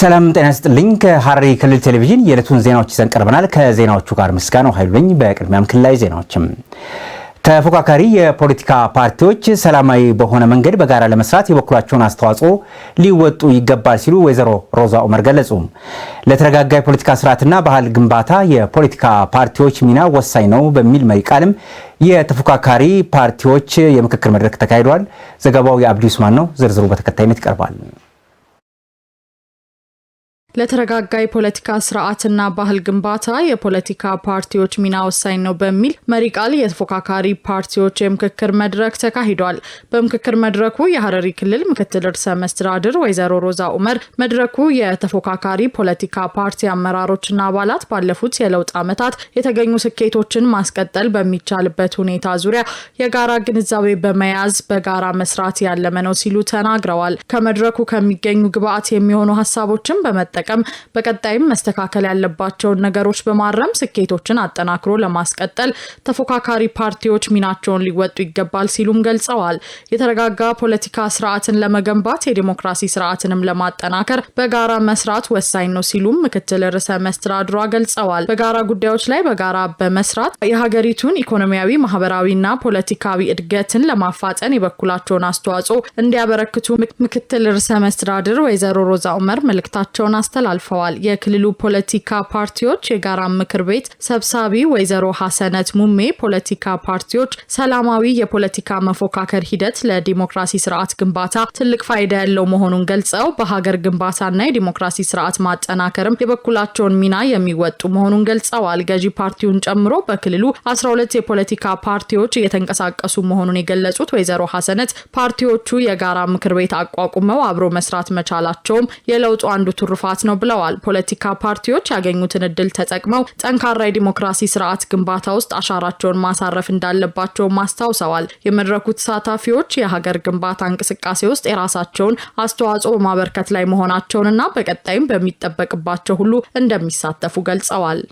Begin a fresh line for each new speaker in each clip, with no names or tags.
ሰላም ጤና ስጥልኝ። ከሐረሪ ክልል ቴሌቪዥን የዕለቱን ዜናዎች ይዘን ቀርበናል። ከዜናዎቹ ጋር ምስጋናው ኃይሉ ነኝ። በቅድሚያም ክልላዊ ዜናዎችም ተፎካካሪ የፖለቲካ ፓርቲዎች ሰላማዊ በሆነ መንገድ በጋራ ለመስራት የበኩላቸውን አስተዋጽኦ ሊወጡ ይገባል ሲሉ ወይዘሮ ሮዛ ኡመር ገለጹ። ለተረጋጋ የፖለቲካ ስርዓትና ባህል ግንባታ የፖለቲካ ፓርቲዎች ሚና ወሳኝ ነው በሚል መሪ ቃልም የተፎካካሪ ፓርቲዎች የምክክር መድረክ ተካሂዷል። ዘገባው የአብዲ ኡስማን ነው። ዝርዝሩ በተከታይነት ይቀርባል።
ለተረጋጋ የፖለቲካ ስርዓትና ባህል ግንባታ የፖለቲካ ፓርቲዎች ሚና ወሳኝ ነው በሚል መሪ ቃል የተፎካካሪ ፓርቲዎች የምክክር መድረክ ተካሂዷል። በምክክር መድረኩ የሀረሪ ክልል ምክትል ርዕሰ መስተዳድር ወይዘሮ ሮዛ ኡመር መድረኩ የተፎካካሪ ፖለቲካ ፓርቲ አመራሮችና አባላት ባለፉት የለውጥ ዓመታት የተገኙ ስኬቶችን ማስቀጠል በሚቻልበት ሁኔታ ዙሪያ የጋራ ግንዛቤ በመያዝ በጋራ መስራት ያለመ ነው ሲሉ ተናግረዋል። ከመድረኩ ከሚገኙ ግብዓት የሚሆኑ ሀሳቦችን በመጠቀም በመጠቀም በቀጣይም መስተካከል ያለባቸውን ነገሮች በማረም ስኬቶችን አጠናክሮ ለማስቀጠል ተፎካካሪ ፓርቲዎች ሚናቸውን ሊወጡ ይገባል ሲሉም ገልጸዋል። የተረጋጋ ፖለቲካ ስርዓትን ለመገንባት የዲሞክራሲ ስርዓትንም ለማጠናከር በጋራ መስራት ወሳኝ ነው ሲሉም ምክትል ርዕሰ መስተዳድሯ ገልጸዋል። በጋራ ጉዳዮች ላይ በጋራ በመስራት የሀገሪቱን ኢኮኖሚያዊ፣ ማህበራዊና ፖለቲካዊ እድገትን ለማፋጠን የበኩላቸውን አስተዋጽኦ እንዲያበረክቱ ምክትል ርዕሰ መስተዳድር ወይዘሮ ሮዛ ኡመር መልእክታቸውን አስተ አስተላልፈዋል። የክልሉ ፖለቲካ ፓርቲዎች የጋራ ምክር ቤት ሰብሳቢ ወይዘሮ ሀሰነት ሙሜ ፖለቲካ ፓርቲዎች ሰላማዊ የፖለቲካ መፎካከር ሂደት ለዲሞክራሲ ስርዓት ግንባታ ትልቅ ፋይዳ ያለው መሆኑን ገልጸው በሀገር ግንባታና የዲሞክራሲ ስርዓት ማጠናከርም የበኩላቸውን ሚና የሚወጡ መሆኑን ገልጸዋል። ገዢ ፓርቲውን ጨምሮ በክልሉ 12 የፖለቲካ ፓርቲዎች እየተንቀሳቀሱ መሆኑን የገለጹት ወይዘሮ ሀሰነት ፓርቲዎቹ የጋራ ምክር ቤት አቋቁመው አብሮ መስራት መቻላቸውም የለውጡ አንዱ ትሩፋት ስርዓት ነው ብለዋል። ፖለቲካ ፓርቲዎች ያገኙትን እድል ተጠቅመው ጠንካራ የዲሞክራሲ ስርዓት ግንባታ ውስጥ አሻራቸውን ማሳረፍ እንዳለባቸውም አስታውሰዋል። የመድረኩ ተሳታፊዎች የሀገር ግንባታ እንቅስቃሴ ውስጥ የራሳቸውን አስተዋጽኦ በማበርከት ላይ መሆናቸውንና በቀጣይም በሚጠበቅባቸው ሁሉ እንደሚሳተፉ ገልጸዋል።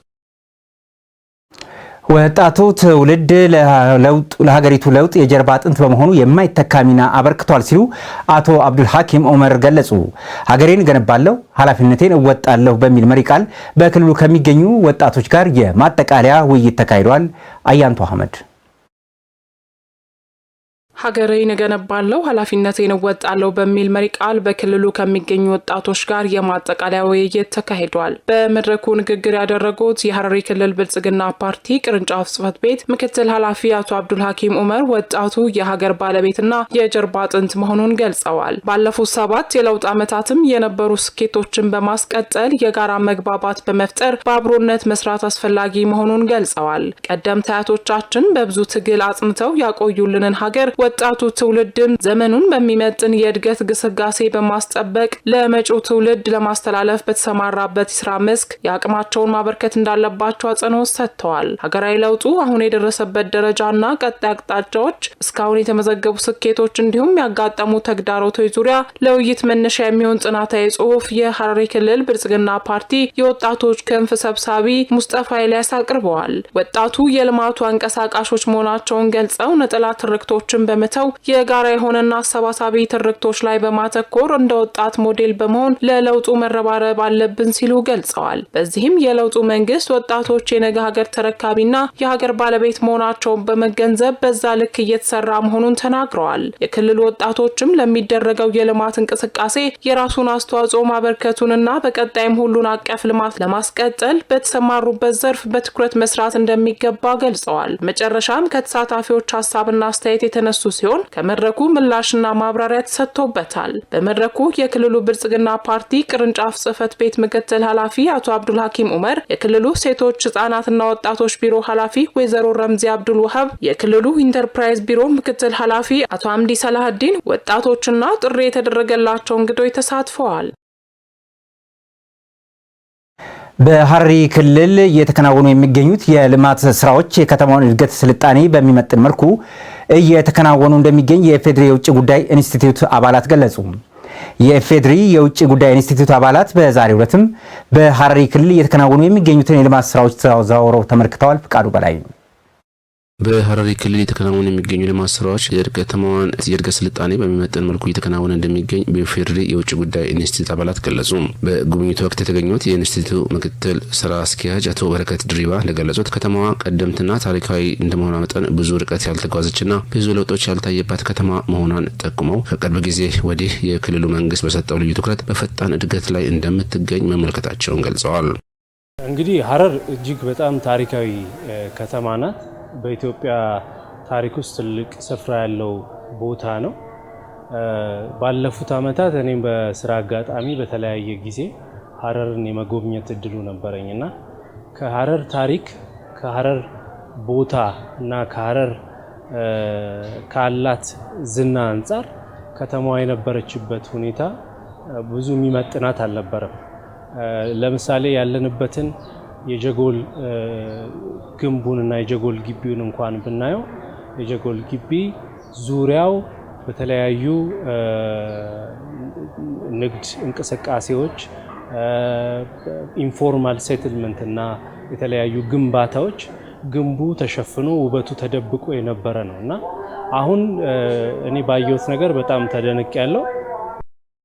ወጣቱ ትውልድ ለሀገሪቱ ለውጥ የጀርባ አጥንት በመሆኑ የማይተካ ሚና አበርክቷል ሲሉ አቶ አብዱል ሐኪም ኦመር ገለጹ። ሀገሬን እገነባለሁ፣ ኃላፊነቴን እወጣለሁ በሚል መሪ ቃል በክልሉ ከሚገኙ ወጣቶች ጋር የማጠቃለያ ውይይት ተካሂዷል። አያንቱ አህመድ
ሀገሬን እገነባለሁ፣ ኃላፊነቴን እወጣለሁ በሚል መሪ ቃል በክልሉ ከሚገኙ ወጣቶች ጋር የማጠቃለያ ውይይት ተካሂዷል። በመድረኩ ንግግር ያደረጉት የሀረሪ ክልል ብልጽግና ፓርቲ ቅርንጫፍ ጽህፈት ቤት ምክትል ኃላፊ አቶ አብዱል ሀኪም ኡመር ወጣቱ የሀገር ባለቤትና የጀርባ አጥንት መሆኑን ገልጸዋል። ባለፉት ሰባት የለውጥ ዓመታትም የነበሩ ስኬቶችን በማስቀጠል የጋራ መግባባት በመፍጠር በአብሮነት መስራት አስፈላጊ መሆኑን ገልጸዋል። ቀደምት አያቶቻችን በብዙ ትግል አጽንተው ያቆዩልንን ሀገር ወጣቱ ትውልድም ዘመኑን በሚመጥን የእድገት ግስጋሴ በማስጠበቅ ለመጪው ትውልድ ለማስተላለፍ በተሰማራበት የስራ መስክ የአቅማቸውን ማበርከት እንዳለባቸው አጽንኦት ሰጥተዋል። ሀገራዊ ለውጡ አሁን የደረሰበት ደረጃና ቀጣይ አቅጣጫዎች፣ እስካሁን የተመዘገቡ ስኬቶች እንዲሁም ያጋጠሙ ተግዳሮቶች ዙሪያ ለውይይት መነሻ የሚሆን ጥናታዊ ጽሁፍ የሀረሪ ክልል ብልጽግና ፓርቲ የወጣቶች ክንፍ ሰብሳቢ ሙስጠፋ ኤልያስ አቅርበዋል። ወጣቱ የልማቱ አንቀሳቃሾች መሆናቸውን ገልጸው ነጠላ ትርክቶችን በ በመተው የጋራ የሆነና አሰባሳቢ ትርክቶች ላይ በማተኮር እንደ ወጣት ሞዴል በመሆን ለለውጡ መረባረብ አለብን ሲሉ ገልጸዋል። በዚህም የለውጡ መንግስት ወጣቶች የነገ ሀገር ተረካቢና የሀገር ባለቤት መሆናቸውን በመገንዘብ በዛ ልክ እየተሰራ መሆኑን ተናግረዋል። የክልሉ ወጣቶችም ለሚደረገው የልማት እንቅስቃሴ የራሱን አስተዋጽኦ ማበርከቱንና በቀጣይም ሁሉን አቀፍ ልማት ለማስቀጠል በተሰማሩበት ዘርፍ በትኩረት መስራት እንደሚገባ ገልጸዋል። መጨረሻም ከተሳታፊዎች ሀሳብና አስተያየት የተነሱ ሲሆን ከመድረኩ ምላሽና ማብራሪያ ተሰጥቶበታል። በመድረኩ የክልሉ ብልጽግና ፓርቲ ቅርንጫፍ ጽህፈት ቤት ምክትል ኃላፊ አቶ አብዱል ሐኪም ኡመር፣ የክልሉ ሴቶች ህጻናትና ወጣቶች ቢሮ ኃላፊ ወይዘሮ ረምዚ አብዱል ውሀብ፣ የክልሉ ኢንተርፕራይዝ ቢሮ ምክትል ኃላፊ አቶ አምዲ ሰላህዲን፣ ወጣቶችና ጥሪ የተደረገላቸው እንግዶች ተሳትፈዋል።
በሐረሪ ክልል እየተከናወኑ የሚገኙት የልማት ስራዎች የከተማውን እድገት ስልጣኔ በሚመጥን መልኩ እየተከናወኑ እንደሚገኝ የኢፌዴሪ የውጭ ጉዳይ ኢንስቲትዩት አባላት ገለጹ። የኢፌዴሪ የውጭ ጉዳይ ኢንስቲትዩት አባላት በዛሬው ዕለትም በሐረሪ ክልል እየተከናወኑ የሚገኙትን የልማት ስራዎች ተዘዋውረው ተመልክተዋል። ፍቃዱ በላይ
በሀረሪ ክልል የተከናወኑ የሚገኙ ልማት ስራዎች ተማዋን የእድገት ስልጣኔ በሚመጠን መልኩ እየተከናወነ እንደሚገኝ በፌርዴ የውጭ ጉዳይ ኢንስቲትዩት አባላት ገለጹ። በጉብኝቱ ወቅት የተገኙት የኢንስቲትዩቱ ምክትል ስራ አስኪያጅ አቶ በረከት ድሪባ እንደገለጹት ከተማዋ ቀደምትና ታሪካዊ እንደመሆኗ መጠን ብዙ ርቀት ያልተጓዘችና ብዙ ለውጦች ያልታየባት ከተማ መሆኗን ጠቁመው ከቅርብ ጊዜ ወዲህ የክልሉ መንግስት በሰጠው ልዩ ትኩረት በፈጣን እድገት ላይ እንደምትገኝ መመልከታቸውን ገልጸዋል።
እንግዲህ ሀረር እጅግ በጣም ታሪካዊ ከተማ ናት። በኢትዮጵያ ታሪክ ውስጥ ትልቅ ስፍራ ያለው ቦታ ነው። ባለፉት ዓመታት እኔም በስራ አጋጣሚ በተለያየ ጊዜ ሀረርን የመጎብኘት እድሉ ነበረኝ እና ከሀረር ታሪክ ከሀረር ቦታ እና ከሀረር ካላት ዝና አንጻር ከተማዋ የነበረችበት ሁኔታ ብዙ የሚመጥናት አልነበረም። ለምሳሌ ያለንበትን የጀጎል ግንቡን እና የጀጎል ግቢውን እንኳን ብናየው የጀጎል ግቢ ዙሪያው በተለያዩ ንግድ እንቅስቃሴዎች ኢንፎርማል ሴትልመንት እና የተለያዩ ግንባታዎች ግንቡ ተሸፍኖ ውበቱ ተደብቆ የነበረ ነው እና አሁን እኔ ባየሁት ነገር በጣም ተደንቅ ያለው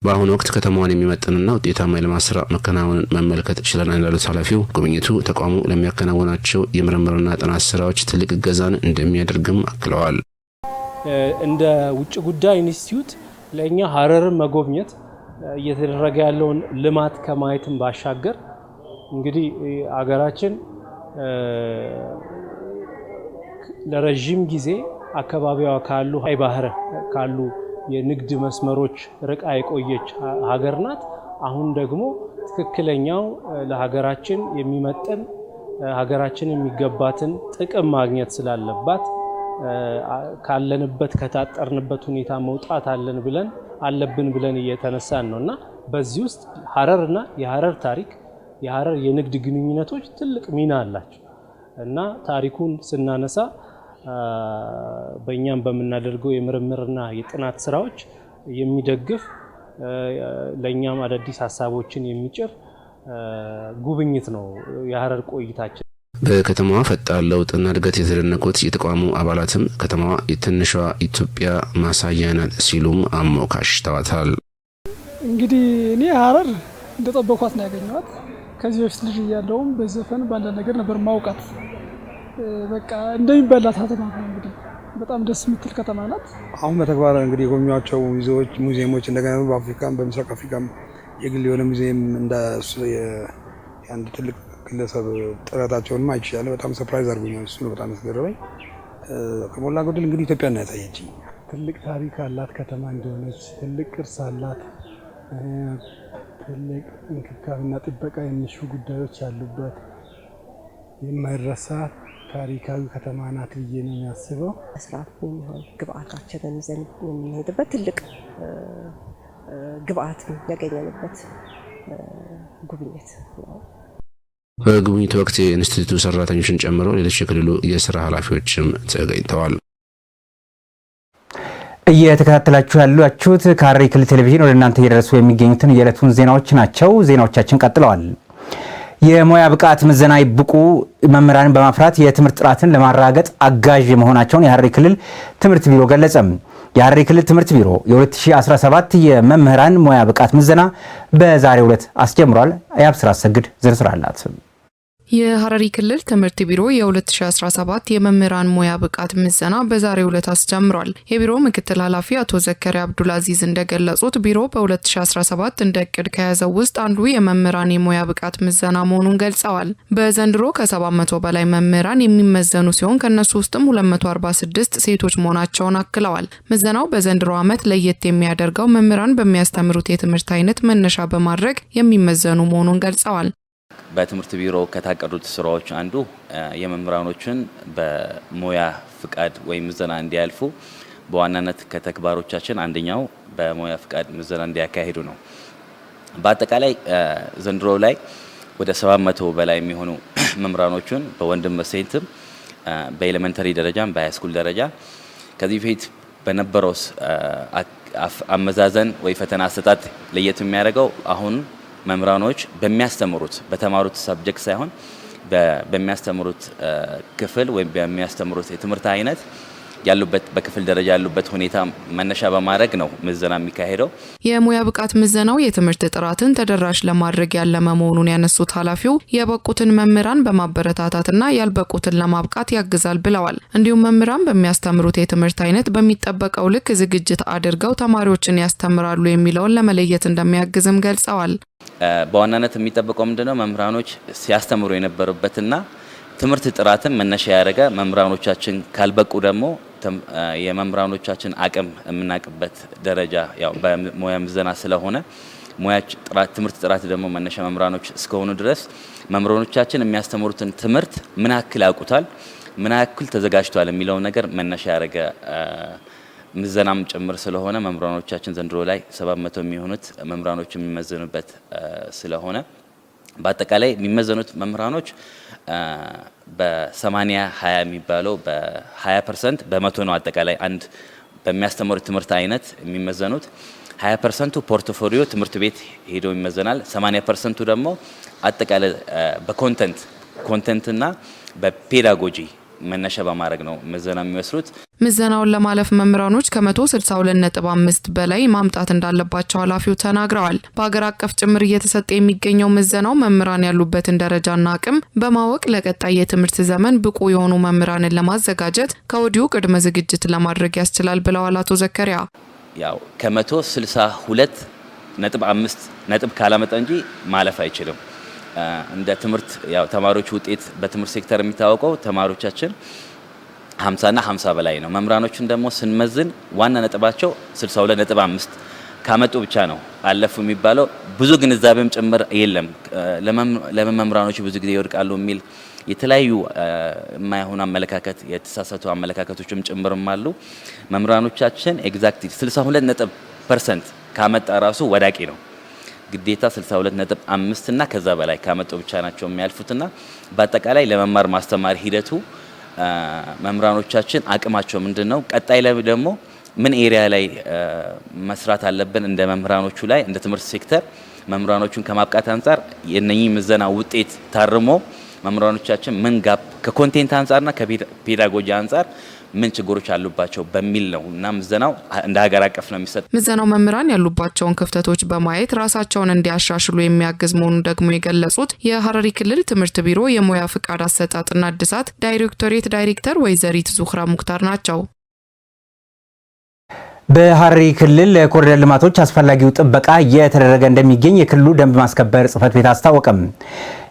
በአሁኑ ወቅት ከተማዋን የሚመጥንና ውጤታማ የልማት ስራ መከናወንን መመልከት ችለናል ያሉት ኃላፊው ጉብኝቱ ተቋሙ ለሚያከናውናቸው የምርምርና ጥናት ስራዎች ትልቅ እገዛን እንደሚያደርግም አክለዋል።
እንደ ውጭ ጉዳይ ኢንስቲትዩት ለእኛ ሀረርን መጎብኘት እየተደረገ ያለውን ልማት ከማየትን ባሻገር እንግዲህ አገራችን ለረዥም ጊዜ አካባቢዋ ካሉ ባህር ካሉ የንግድ መስመሮች ርቃ የቆየች ሀገር ናት። አሁን ደግሞ ትክክለኛው ለሀገራችን የሚመጥን ሀገራችን የሚገባትን ጥቅም ማግኘት ስላለባት ካለንበት ከታጠርንበት ሁኔታ መውጣት አለን ብለን አለብን ብለን እየተነሳን ነው እና በዚህ ውስጥ ሀረር እና የሀረር ታሪክ የሀረር የንግድ ግንኙነቶች ትልቅ ሚና አላቸው እና ታሪኩን ስናነሳ በእኛም በምናደርገው የምርምርና የጥናት ስራዎች የሚደግፍ ለእኛም አዳዲስ ሀሳቦችን የሚጭር ጉብኝት ነው የሀረር ቆይታችን።
በከተማዋ ፈጣን ለውጥና እድገት የተደነቁት የተቋሙ አባላትም ከተማዋ የትንሿ ኢትዮጵያ ማሳያ ናት ሲሉም አሞካሽተዋታል።
እንግዲህ እኔ ሀረር እንደጠበኳት ነው ያገኘዋት። ከዚህ በፊት ልጅ እያለውም በዘፈን በአንዳንድ ነገር ነበር ማውቃት በቃ እንደሚበላ ከተማ ነው። እንግዲህ በጣም ደስ የምትል ከተማ ናት።
አሁን በተግባር እንግዲህ የጎብኟቸው ሙዚዎች ሙዚየሞች እንደገና በአፍሪካም በምስራቅ አፍሪካም የግል የሆነ ሙዚየም እንደ የአንድ ትልቅ ግለሰብ ጥረታቸውን አይቻለሁ። በጣም ሰፕራይዝ አድርጎኛል። እሱ ነው በጣም ያስገረመኝ። ከሞላ ጎደል እንግዲህ ኢትዮጵያ ነው ያሳየችኝ።
ትልቅ ታሪክ አላት ከተማ እንደሆነች፣ ትልቅ ቅርስ አላት፣ ትልቅ እንክብካቤና ጥበቃ የሚሹ ጉዳዮች ያሉበት የማይረሳ ታሪካዊ ከተማ ናት ብዬ ነው የሚያስበው።
ስርዓት የሚሆን ግብአታችንን ይዘን የምንሄድበት ትልቅ ግብአት ያገኘንበት ጉብኝት ነው።
በጉብኝት ወቅት የኢንስቲትዩቱ ሰራተኞችን ጨምሮ ሌሎች የክልሉ የስራ ኃላፊዎችም ተገኝተዋል።
እየተከታተላችሁ ያላችሁት ከሐረሪ ክልል ቴሌቪዥን ወደ እናንተ እየደረሱ የሚገኙትን የዕለቱን ዜናዎች ናቸው። ዜናዎቻችን ቀጥለዋል። የሙያ ብቃት ምዘና ይብቁ መምህራንን በማፍራት የትምህርት ጥራትን ለማረጋገጥ አጋዥ መሆናቸውን የሐረሪ ክልል ትምህርት ቢሮ ገለጸም። የሐረሪ ክልል ትምህርት ቢሮ የ2017 የመምህራን ሙያ ብቃት ምዘና በዛሬው ዕለት አስጀምሯል። የአብስራ አሰግድ ዝርዝር አላት።
የሐረሪ ክልል ትምህርት ቢሮ የ2017 የመምህራን ሙያ ብቃት ምዘና በዛሬው ዕለት አስጀምሯል። የቢሮው ምክትል ኃላፊ አቶ ዘከሪያ አብዱልአዚዝ እንደገለጹት ቢሮ በ2017 እንደ እቅድ ከያዘው ውስጥ አንዱ የመምህራን የሙያ ብቃት ምዘና መሆኑን ገልጸዋል። በዘንድሮ ከ700 በላይ መምህራን የሚመዘኑ ሲሆን ከእነሱ ውስጥም 246 ሴቶች መሆናቸውን አክለዋል። ምዘናው በዘንድሮ ዓመት ለየት የሚያደርገው መምህራን በሚያስተምሩት የትምህርት አይነት መነሻ በማድረግ የሚመዘኑ መሆኑን ገልጸዋል።
በትምህርት ቢሮ ከታቀዱት ስራዎች አንዱ የመምህራኖችን በሙያ ፍቃድ ወይም ምዘና እንዲያልፉ በዋናነት ከተግባሮቻችን አንደኛው በሙያ ፍቃድ ምዘና እንዲያካሄዱ ነው። በአጠቃላይ ዘንድሮ ላይ ወደ 700 በላይ የሚሆኑ መምህራኖችን በወንድም በሴትም በኤሌመንተሪ ደረጃም በሃይስኩል ደረጃ ከዚህ በፊት በነበረው አመዛዘን ወይ ፈተና አሰጣጥ ለየት የሚያደርገው አሁን መምህራኖች በሚያስተምሩት በተማሩት ሰብጀክት ሳይሆን በሚያስተምሩት ክፍል ወይም በሚያስተምሩት የትምህርት አይነት ያሉበት በክፍል ደረጃ ያሉበት ሁኔታ መነሻ በማድረግ ነው ምዘና የሚካሄደው።
የሙያ ብቃት ምዘናው የትምህርት ጥራትን ተደራሽ ለማድረግ ያለመ መሆኑን ያነሱት ኃላፊው የበቁትን መምህራን በማበረታታትና ያልበቁትን ለማብቃት ያግዛል ብለዋል። እንዲሁም መምህራን በሚያስተምሩት የትምህርት አይነት በሚጠበቀው ልክ ዝግጅት አድርገው ተማሪዎችን ያስተምራሉ የሚለውን ለመለየት እንደሚያግዝም ገልጸዋል።
በዋናነት የሚጠበቀው ምንድነው? መምህራኖች ሲያስተምሩ የነበሩበትና ትምህርት ጥራትን መነሻ ያደረገ መምህራኖቻችን ካልበቁ ደግሞ የመምህራኖቻችን አቅም የምናውቅበት ደረጃ ያው በሙያ ምዘና ስለሆነ ትምህርት ጥራት ደግሞ መነሻ መምህራኖች እስከሆኑ ድረስ መምህራኖቻችን የሚያስተምሩትን ትምህርት ምን ያክል ያውቁታል፣ ምን ያክል ተዘጋጅቷል የሚለውን ነገር መነሻ ያደረገ ምዘናም ጭምር ስለሆነ መምህራኖቻችን ዘንድሮ ላይ ሰባት መቶ የሚሆኑት መምህራኖች የሚመዘኑበት ስለሆነ በአጠቃላይ የሚመዘኑት መምህራኖች በ ሀያ የሚባለው በሀያ ፐርሰንት በመቶ ነው አጠቃላይ አንድ በሚያስተምሩት ትምህርት አይነት የሚመዘኑት። ሀያ ፐርሰንቱ ፖርትፎሊዮ ትምህርት ቤት ሄዶ ይመዘናል። 80 ፐርሰንቱ ደግሞ አጠቃላይ በኮንተንት ኮንተንትና በፔዳጎጂ መነሻ በማድረግ ነው ምዘና የሚወስዱት።
ምዘናውን ለማለፍ መምህራኖች ነጥብ 1625 በላይ ማምጣት እንዳለባቸው ኃላፊው ተናግረዋል። በሀገር አቀፍ ጭምር እየተሰጠ የሚገኘው ምዘናው መምህራን ያሉበትን ደረጃና አቅም በማወቅ ለቀጣይ የትምህርት ዘመን ብቁ የሆኑ መምህራንን ለማዘጋጀት ከወዲሁ ቅድመ ዝግጅት ለማድረግ ያስችላል ብለዋል አቶ ዘከሪያ።
ያው ከ162 ነጥብ አምስት ነጥብ ካላመጣ እንጂ ማለፍ አይችልም። እንደ ትምህርት ያው ተማሪዎች ውጤት በትምህርት ሴክተር የሚታወቀው ተማሪዎቻችን 50 እና 50 በላይ ነው። መምህራኖቹን ደግሞ ስንመዝን ዋና ነጥባቸው 62ነጥ አምስት ካመጡ ብቻ ነው አለፉ የሚባለው። ብዙ ግንዛቤም ጭምር የለም። ለምን መምህራኖቹ ብዙ ጊዜ ይወድቃሉ የሚል የተለያዩ የማይሆን አመለካከት፣ የተሳሳቱ አመለካከቶችም ጭምርም አሉ። መምህራኖቻችን ኤግዛክት 62 ነጥብ ፐርሰንት ካመጣ ራሱ ወዳቂ ነው። ግዴታ 62 ነጥብ አምስት እና ከዛ በላይ ካመጡ ብቻ ናቸው የሚያልፉትና በአጠቃላይ ለመማር ማስተማር ሂደቱ መምህራኖቻችን አቅማቸው ምንድን ነው? ቀጣይ ላይ ደግሞ ምን ኤሪያ ላይ መስራት አለብን? እንደ መምህራኖቹ ላይ እንደ ትምህርት ሴክተር መምህራኖቹን ከማብቃት አንጻር የነኚህ ምዘና ውጤት ታርሞ መምህራኖቻችን ምን ጋፕ ከኮንቴንት አንጻርና ከፔዳጎጂ አንጻር ምን ችግሮች አሉባቸው በሚል ነው እና ምዘናው እንደ ሀገር አቀፍ ነው የሚሰጥ።
ምዘናው መምህራን ያሉባቸውን ክፍተቶች በማየት ራሳቸውን እንዲያሻሽሉ የሚያግዝ መሆኑን ደግሞ የገለጹት የሀረሪ ክልል ትምህርት ቢሮ የሙያ ፍቃድ አሰጣጥና እድሳት ዳይሬክቶሬት ዳይሬክተር ወይዘሪት ዙክራ ሙክታር ናቸው።
በሀረሪ ክልል ለኮሪደር ልማቶች አስፈላጊው ጥበቃ እየተደረገ እንደሚገኝ የክልሉ ደንብ ማስከበር ጽፈት ቤት አስታወቀም።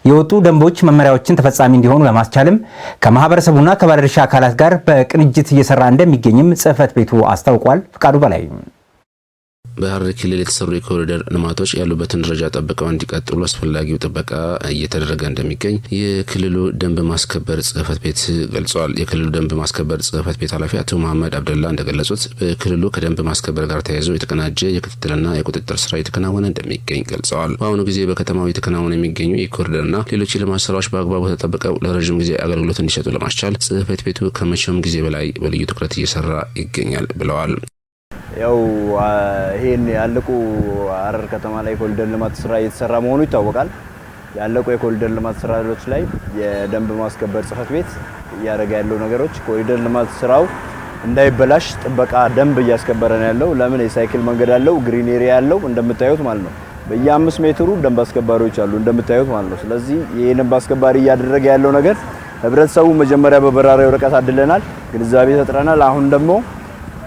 የወጡ ደንቦች መመሪያዎችን ተፈጻሚ እንዲሆኑ ለማስቻልም ከማህበረሰቡና ከባለድርሻ አካላት ጋር በቅንጅት እየሰራ እንደሚገኝም ጽህፈት ቤቱ አስታውቋል። ፍቃዱ በላይ
በሐረሪ ክልል የተሰሩ የኮሪደር ልማቶች ያሉበትን ደረጃ ጠብቀው እንዲቀጥሉ አስፈላጊው ጥበቃ እየተደረገ እንደሚገኝ የክልሉ ደንብ ማስከበር ጽህፈት ቤት ገልጿል። የክልሉ ደንብ ማስከበር ጽህፈት ቤት ኃላፊ አቶ መሐመድ አብደላ እንደገለጹት በክልሉ ከደንብ ማስከበር ጋር ተያይዞ የተቀናጀ የክትትልና የቁጥጥር ስራ የተከናወነ እንደሚገኝ ገልጸዋል። በአሁኑ ጊዜ በከተማው የተከናወነ የሚገኙ የኮሪደርና ሌሎች የልማት ስራዎች በአግባቡ ተጠብቀው ለረዥም ጊዜ አገልግሎት እንዲሰጡ ለማስቻል ጽህፈት ቤቱ ከመቼውም ጊዜ በላይ በልዩ ትኩረት እየሰራ ይገኛል ብለዋል።
ያው ይሄን ያለቁ ሀረር ከተማ ላይ ኮሪደር ልማት ስራ እየተሰራ መሆኑ ይታወቃል። ያለቁ የኮሪደር ልማት ስራዎች ላይ የደንብ ማስከበር ጽህፈት ቤት እያደረገ ያለው ነገሮች ኮሪደር ልማት ስራው እንዳይበላሽ ጥበቃ ደንብ እያስከበረ ነው ያለው። ለምን የሳይክል መንገድ አለው፣ ግሪን ኤሪያ ያለው እንደምታዩት ማለት ነው። በየአምስት ሜትሩ ደንብ አስከባሪዎች አሉ እንደምታዩት ማለት ነው። ስለዚህ ይሄ ደንብ አስከባሪ እያደረገ ያለው ነገር ህብረተሰቡ መጀመሪያ በበራሪ ወረቀት አድለናል፣ ግንዛቤ ፈጥረናል። አሁን ደግሞ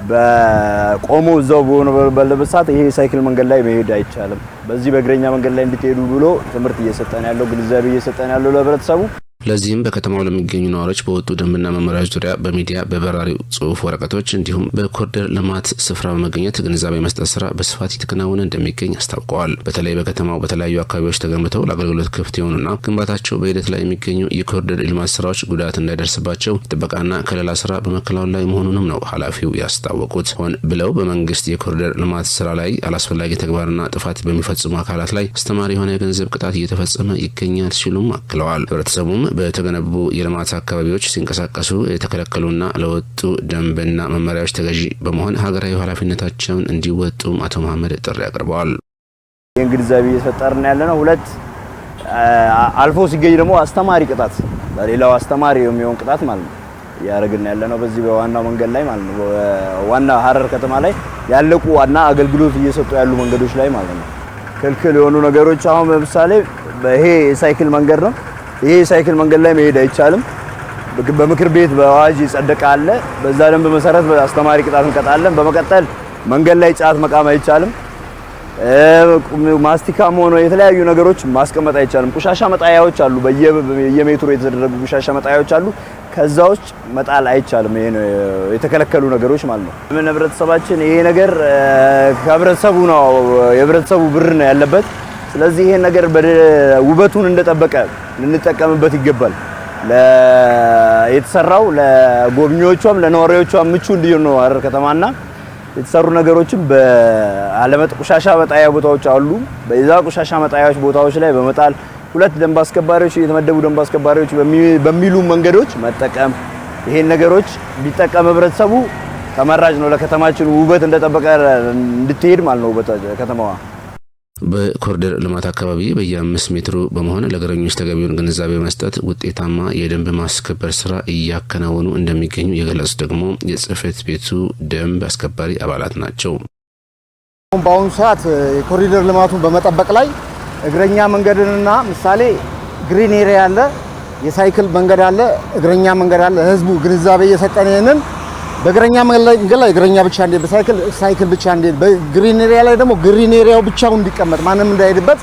በቆሞ እዛው በሆነ ባለበት ሰዓት ይሄ የሳይክል መንገድ ላይ መሄድ አይቻልም፣ በዚህ በእግረኛ መንገድ ላይ እንድትሄዱ ብሎ ትምህርት እየሰጠን ያለው ግንዛቤ እየሰጠን ያለው ለህብረተሰቡ
ለዚህም በከተማው ለሚገኙ ነዋሪዎች በወጡ ደንብና መመሪያዎች ዙሪያ በሚዲያ በበራሪ ጽሁፍ ወረቀቶች እንዲሁም በኮሪደር ልማት ስፍራ በመገኘት ግንዛቤ መስጠት ስራ በስፋት የተከናወነ እንደሚገኝ አስታውቀዋል። በተለይ በከተማው በተለያዩ አካባቢዎች ተገንብተው ለአገልግሎት ክፍት የሆኑና ግንባታቸው በሂደት ላይ የሚገኙ የኮሪደር ልማት ስራዎች ጉዳት እንዳይደርስባቸው ጥበቃና ከለላ ስራ በመከናወን ላይ መሆኑንም ነው ኃላፊው ያስታወቁት። ሆን ብለው በመንግስት የኮሪደር ልማት ስራ ላይ አላስፈላጊ ተግባርና ጥፋት በሚፈጽሙ አካላት ላይ አስተማሪ የሆነ የገንዘብ ቅጣት እየተፈጸመ ይገኛል ሲሉም አክለዋል። ህብረተሰቡም በተገነቡ የልማት አካባቢዎች ሲንቀሳቀሱ የተከለከሉና ለወጡ ደንብና መመሪያዎች ተገዢ በመሆን ሀገራዊ ኃላፊነታቸውን እንዲወጡም አቶ መሀመድ ጥሪ አቅርበዋል።
ይህን ግንዛቤ እየፈጠርን ያለ ነው። ሁለት አልፎ ሲገኝ ደግሞ አስተማሪ ቅጣት ለሌላው አስተማሪ የሚሆን ቅጣት ማለት ነው እያደረግን ያለ ነው። በዚህ በዋናው መንገድ ላይ ማለት ነው ዋና ሀረር ከተማ ላይ ያለቁ ዋና አገልግሎት እየሰጡ ያሉ መንገዶች ላይ ማለት ነው ክልክል የሆኑ ነገሮች አሁን ለምሳሌ ይሄ የሳይክል መንገድ ነው። ይሄ የሳይክል መንገድ ላይ መሄድ አይቻልም። በምክር ቤት በአዋጅ የጸደቀ አለ። በዛ ደንብ መሰረት አስተማሪ ቅጣት እንቀጣለን። በመቀጠል መንገድ ላይ ጫት መቃም አይቻልም። ማስቲካም ሆነ የተለያዩ ነገሮች ማስቀመጥ አይቻልም። ቆሻሻ መጣያዎች አሉ፣ በየሜትሮ የተደረጉ ቆሻሻ መጣያዎች አሉ። ከዛ ውጭ መጣል አይቻልም። ይሄ የተከለከሉ ነገሮች ማለት ነው። ምን ህብረተሰባችን ይሄ ነገር ከህብረተሰቡ ነው፣ የህብረተሰቡ ብር ነው ያለበት ስለዚህ ይሄን ነገር ውበቱን እንደጠበቀ ልንጠቀምበት ይገባል። የተሰራው ለጎብኚዎቿም ለነዋሪዎቿም ምቹ እንዲሆን ነው ሀረር ከተማና የተሰሩ ነገሮችም በአለመጥ ቆሻሻ መጣያ ቦታዎች አሉ። በዛ ቆሻሻ መጣያዎች ቦታዎች ላይ በመጣል ሁለት ደንብ አስከባሪዎች የተመደቡ ደንብ አስከባሪዎች በሚሉ መንገዶች መጠቀም ይሄን ነገሮች ቢጠቀም ህብረተሰቡ ተመራጭ ነው። ለከተማችን ውበት እንደጠበቀ እንድትሄድ ማለት ነው ከተማዋ።
በኮሪደር ልማት አካባቢ በየአምስት ሜትሩ በመሆን ለእግረኞች ተገቢውን ግንዛቤ መስጠት ውጤታማ የደንብ ማስከበር ስራ እያከናወኑ እንደሚገኙ የገለጹት ደግሞ የጽህፈት ቤቱ ደንብ አስከባሪ አባላት ናቸው።
በአሁኑ ሰዓት የኮሪደር ልማቱን በመጠበቅ ላይ እግረኛ መንገድንና ምሳሌ ግሪን ኤሪያ አለ፣ የሳይክል መንገድ አለ፣ እግረኛ መንገድ አለ። ህዝቡ ግንዛቤ እየሰጠን ይህንን በእግረኛ መንገድ ላይ እግረኛ ብቻ እንዴ፣ በሳይክል ሳይክል ብቻ እንዴ፣ በግሪን ኤሪያ ላይ ደግሞ ግሪን ኤሪያው እንዲቀመጥ ማንም እንዳይሄድበት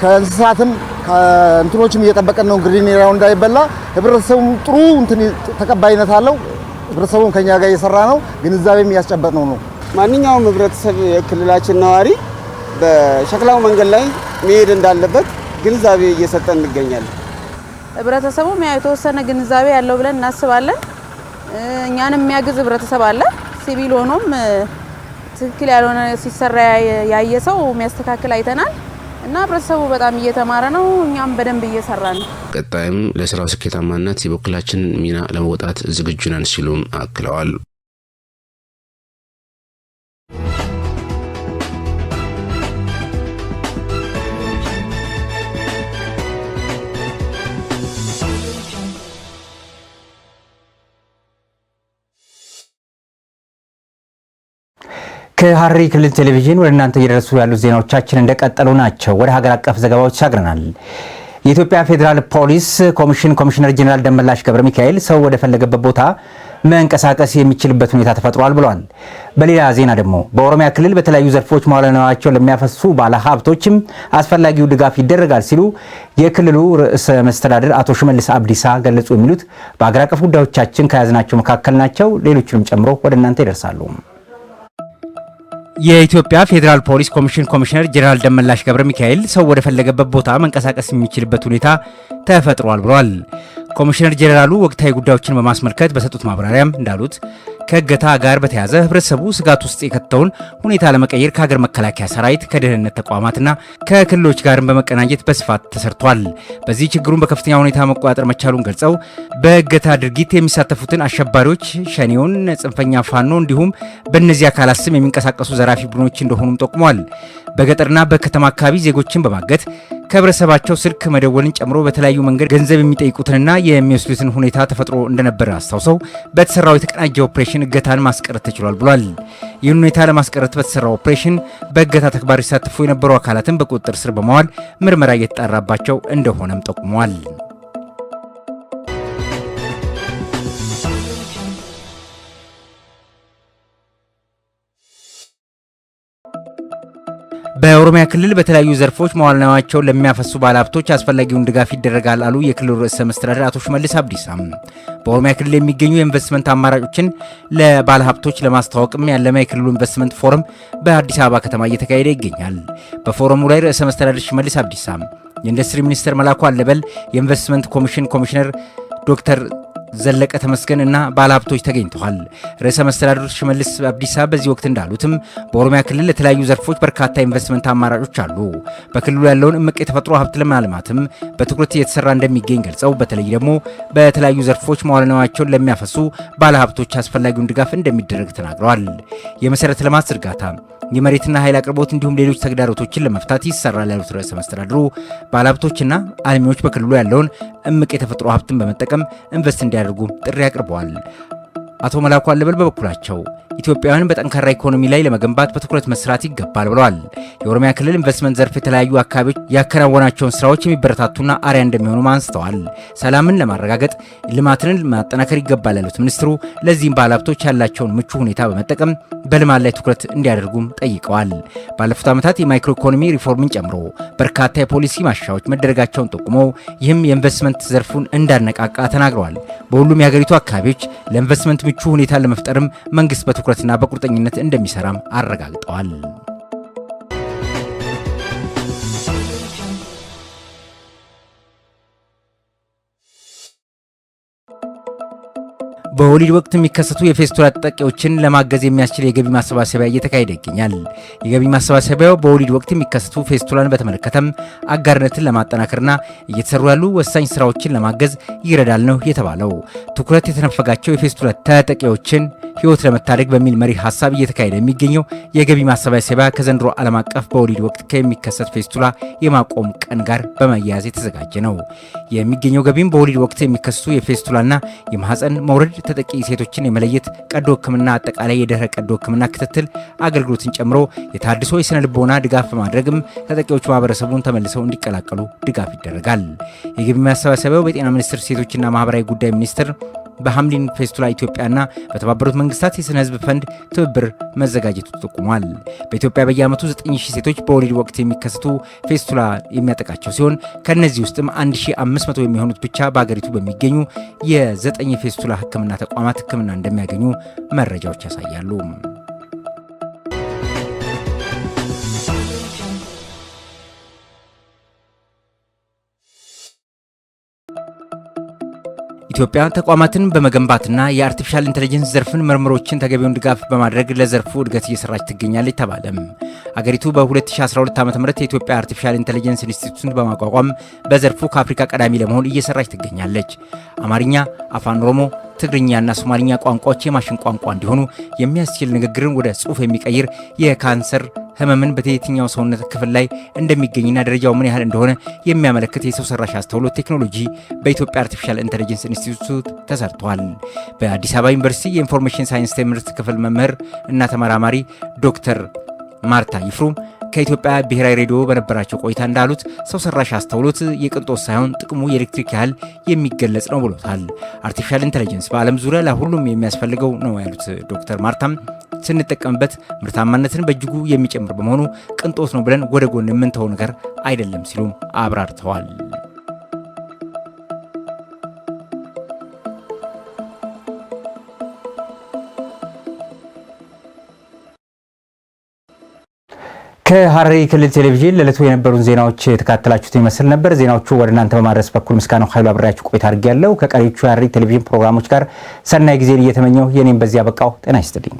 ከእንስሳትም ከእንትኖችም እየጠበቀን ነው። ግሪን ኤሪያው እንዳይበላ ህብረተሰቡም ጥሩ እንትን ተቀባይነት አለው። ህብረተሰቡም ከኛ ጋር እየሰራ ነው። ግንዛቤም እያስጨበጥ ነው ነው ማንኛውም ህብረተሰብ የክልላችን ነዋሪ በሸክላው መንገድ ላይ መሄድ እንዳለበት ግንዛቤ እየሰጠን እንገኛለን።
ህብረተሰቡም ያው የተወሰነ ግንዛቤ ያለው ብለን እናስባለን። እኛንም የሚያግዝ ህብረተሰብ አለ። ሲቪል ሆኖም ትክክል ያልሆነ ሲሰራ ያየ ሰው የሚያስተካክል አይተናል። እና ህብረተሰቡ በጣም እየተማረ ነው። እኛም በደንብ እየሰራ ነው።
ቀጣይም ለስራው ስኬታማነት የበኩላችን ሚና ለመውጣት ዝግጁ ነን ሲሉም አክለዋል።
ከሐረሪ ክልል ቴሌቪዥን ወደ እናንተ እየደረሱ ያሉት ዜናዎቻችን እንደቀጠሉ ናቸው። ወደ ሀገር አቀፍ ዘገባዎች ተሻግረናል። የኢትዮጵያ ፌዴራል ፖሊስ ኮሚሽን ኮሚሽነር ጀኔራል ደመላሽ ገብረ ሚካኤል ሰው ወደ ፈለገበት ቦታ መንቀሳቀስ የሚችልበት ሁኔታ ተፈጥሯል ብሏል። በሌላ ዜና ደግሞ በኦሮሚያ ክልል በተለያዩ ዘርፎች መዋለ ንዋያቸውን ለሚያፈሱ ባለ ሀብቶችም አስፈላጊው ድጋፍ ይደረጋል ሲሉ የክልሉ ርዕሰ መስተዳደር አቶ ሽመልስ አብዲሳ ገለጹ። የሚሉት በሀገር አቀፍ ጉዳዮቻችን ከያዝናቸው መካከል ናቸው። ሌሎችንም ጨምሮ ወደ እናንተ ይደርሳሉ። የኢትዮጵያ ፌዴራል ፖሊስ ኮሚሽን ኮሚሽነር ጄኔራል ደመላሽ ገብረ ሚካኤል ሰው ወደ ፈለገበት ቦታ መንቀሳቀስ የሚችልበት ሁኔታ ተፈጥሯል ብሏል። ኮሚሽነር ጄኔራሉ ወቅታዊ ጉዳዮችን በማስመልከት በሰጡት ማብራሪያም እንዳሉት ከእገታ ጋር በተያያዘ ህብረተሰቡ ስጋት ውስጥ የከተውን ሁኔታ ለመቀየር ከሀገር መከላከያ ሰራዊት ከደህንነት ተቋማትና ከክልሎች ጋርም በመቀናጀት በስፋት ተሰርቷል። በዚህ ችግሩን በከፍተኛ ሁኔታ መቆጣጠር መቻሉን ገልጸው በእገታ ድርጊት የሚሳተፉትን አሸባሪዎች፣ ሸኔውን፣ ጽንፈኛ ፋኖ እንዲሁም በእነዚህ አካላት ስም የሚንቀሳቀሱ ዘራፊ ቡድኖች እንደሆኑም ጠቁመዋል። በገጠርና በከተማ አካባቢ ዜጎችን በማገት ከህብረተሰባቸው ስልክ መደወልን ጨምሮ በተለያዩ መንገድ ገንዘብ የሚጠይቁትንና የሚወስዱትን ሁኔታ ተፈጥሮ እንደነበረ አስታውሰው በተሰራው የተቀናጀ ኦፕሬሽን እገታን ማስቀረት ተችሏል ብሏል። ይህን ሁኔታ ለማስቀረት በተሰራው ኦፕሬሽን በእገታ ተግባር ሲሳተፉ የነበሩ አካላትን በቁጥጥር ስር በመዋል ምርመራ እየተጣራባቸው እንደሆነም ጠቁመዋል። በኦሮሚያ ክልል በተለያዩ ዘርፎች መዋዕለ ንዋያቸውን ለሚያፈሱ ባለሀብቶች አስፈላጊውን ድጋፍ ይደረጋል አሉ የክልሉ ርዕሰ መስተዳድር አቶ ሽመልስ አብዲሳ። በኦሮሚያ ክልል የሚገኙ የኢንቨስትመንት አማራጮችን ለባለሀብቶች ለማስተዋወቅም ያለመ የክልሉ ኢንቨስትመንት ፎረም በአዲስ አበባ ከተማ እየተካሄደ ይገኛል። በፎረሙ ላይ ርዕሰ መስተዳድር ሽመልስ አብዲሳ፣ የኢንዱስትሪ ሚኒስትር መላኩ አለበል፣ የኢንቨስትመንት ኮሚሽን ኮሚሽነር ዶክተር ዘለቀ ተመስገን እና ባለሀብቶች ተገኝተዋል። ርዕሰ መስተዳድሩ ሽመልስ አብዲሳ በዚህ ወቅት እንዳሉትም በኦሮሚያ ክልል ለተለያዩ ዘርፎች በርካታ ኢንቨስትመንት አማራጮች አሉ። በክልሉ ያለውን እምቅ የተፈጥሮ ሀብት ለማልማትም በትኩረት እየተሰራ እንደሚገኝ ገልጸው በተለይ ደግሞ በተለያዩ ዘርፎች መዋለ ንዋያቸውን ለሚያፈሱ ባለሀብቶች አስፈላጊውን ድጋፍ እንደሚደረግ ተናግረዋል። የመሰረተ ልማት ዝርጋታ የመሬትና ኃይል አቅርቦት እንዲሁም ሌሎች ተግዳሮቶችን ለመፍታት ይሰራል ያሉት ርዕሰ መስተዳድሩ ባለሀብቶችና አልሚዎች በክልሉ ያለውን እምቅ የተፈጥሮ ሀብትን በመጠቀም ኢንቨስት እንዲያደርጉ ጥሪ አቅርበዋል። አቶ መላኩ አለበል በበኩላቸው ኢትዮጵያውያን በጠንካራ ኢኮኖሚ ላይ ለመገንባት በትኩረት መስራት ይገባል ብለዋል። የኦሮሚያ ክልል ኢንቨስትመንት ዘርፍ የተለያዩ አካባቢዎች ያከናወናቸውን ስራዎች የሚበረታቱና አሪያ እንደሚሆኑም አንስተዋል። ሰላምን ለማረጋገጥ ልማትንን ማጠናከር ይገባል ያሉት ሚኒስትሩ ለዚህም ባለሀብቶች ያላቸውን ምቹ ሁኔታ በመጠቀም በልማት ላይ ትኩረት እንዲያደርጉም ጠይቀዋል። ባለፉት ዓመታት የማይክሮ ኢኮኖሚ ሪፎርምን ጨምሮ በርካታ የፖሊሲ ማሻሻያዎች መደረጋቸውን ጠቁመው ይህም የኢንቨስትመንት ዘርፉን እንዳነቃቃ ተናግረዋል። በሁሉም የሀገሪቱ አካባቢዎች ለኢንቨስትመንት ምቹ ሁኔታ ለመፍጠርም መንግስት በትኩረትና በቁርጠኝነት እንደሚሰራም አረጋግጠዋል። በወሊድ ወቅት የሚከሰቱ የፌስቶላ ተጠቂዎችን ለማገዝ የሚያስችል የገቢ ማሰባሰቢያ እየተካሄደ ይገኛል። የገቢ ማሰባሰቢያው በወሊድ ወቅት የሚከሰቱ ፌስቶላን በተመለከተም አጋርነትን ለማጠናከርና እየተሰሩ ያሉ ወሳኝ ስራዎችን ለማገዝ ይረዳል ነው የተባለው። ትኩረት የተነፈጋቸው የፌስቶላ ተጠቂዎችን ህይወት ለመታደግ በሚል መሪ ሀሳብ እየተካሄደ የሚገኘው የገቢ ማሰባሰቢያ ከዘንድሮ ዓለም አቀፍ በወሊድ ወቅት ከሚከሰት ፌስቱላ የማቆም ቀን ጋር በመያያዝ የተዘጋጀ ነው። የሚገኘው ገቢም በወሊድ ወቅት የሚከሰቱ የፌስቱላና የማህፀን መውረድ ተጠቂ ሴቶችን የመለየት ቀዶ ህክምና፣ አጠቃላይ የድህረ ቀዶ ህክምና ክትትል አገልግሎትን ጨምሮ የታድሶ የስነ ልቦና ድጋፍ በማድረግም ተጠቂዎቹ ማህበረሰቡን ተመልሰው እንዲቀላቀሉ ድጋፍ ይደረጋል። የገቢ ማሰባሰቢያው በጤና ሚኒስቴር ሴቶችና ማህበራዊ ጉዳይ ሚኒስቴር በሐምሊን ፌስቱላ ኢትዮጵያና በተባበሩት መንግስታት የስነ ህዝብ ፈንድ ትብብር መዘጋጀቱ ተጠቁሟል። በኢትዮጵያ በየዓመቱ 9000 ሴቶች በወሊድ ወቅት የሚከሰቱ ፌስቱላ የሚያጠቃቸው ሲሆን ከእነዚህ ውስጥም 1500 የሚሆኑት ብቻ በሀገሪቱ በሚገኙ የዘጠኝ ፌስቱላ ህክምና ተቋማት ህክምና እንደሚያገኙ መረጃዎች ያሳያሉ። ኢትዮጵያ ተቋማትን በመገንባትና የአርቲፊሻል ኢንቴሊጀንስ ዘርፍን ምርምሮችን ተገቢውን ድጋፍ በማድረግ ለዘርፉ እድገት እየሰራች ትገኛለች ተባለም። አገሪቱ በ2012 ዓ ም የኢትዮጵያ አርቲፊሻል ኢንቴሊጀንስ ኢንስቲትዩትን በማቋቋም በዘርፉ ከአፍሪካ ቀዳሚ ለመሆን እየሰራች ትገኛለች። አማርኛ፣ አፋን ኦሮሞ፣ ትግርኛና ሶማልኛ ቋንቋዎች የማሽን ቋንቋ እንዲሆኑ የሚያስችል ንግግርን ወደ ጽሑፍ የሚቀይር የካንሰር ህመምን በየትኛው ሰውነት ክፍል ላይ እንደሚገኝና ደረጃው ምን ያህል እንደሆነ የሚያመለክት የሰው ሰራሽ አስተውሎት ቴክኖሎጂ በኢትዮጵያ አርቲፊሻል ኢንተለጀንስ ኢንስቲትዩት ተሰርቷል። በአዲስ አበባ ዩኒቨርሲቲ የኢንፎርሜሽን ሳይንስ ትምህርት ክፍል መምህር እና ተመራማሪ ዶክተር ማርታ ይፍሩ ከኢትዮጵያ ብሔራዊ ሬዲዮ በነበራቸው ቆይታ እንዳሉት ሰው ሰራሽ አስተውሎት የቅንጦት ሳይሆን ጥቅሙ የኤሌክትሪክ ያህል የሚገለጽ ነው ብሎታል። አርቲፊሻል ኢንተለጀንስ በዓለም ዙሪያ ለሁሉም የሚያስፈልገው ነው ያሉት ዶክተር ማርታም ስንጠቀምበት ምርታማነትን በእጅጉ የሚጨምር በመሆኑ ቅንጦት ነው ብለን ወደ ጎን የምንተው ነገር አይደለም ሲሉም አብራርተዋል። ከሐረሪ ክልል ቴሌቪዥን ለዕለቱ የነበሩን ዜናዎች የተካተላችሁት ይመስል ነበር። ዜናዎቹ ወደ እናንተ በማድረስ በኩል ምስጋናው ኃይሉ አብሬያችሁ ቆይታ አድርጌያለሁ። ከቀሪዎቹ የሐረሪ ቴሌቪዥን ፕሮግራሞች ጋር ሰናይ ጊዜን እየተመኘው የኔም በዚያ በቃው። ጤና ይስጥልኝ።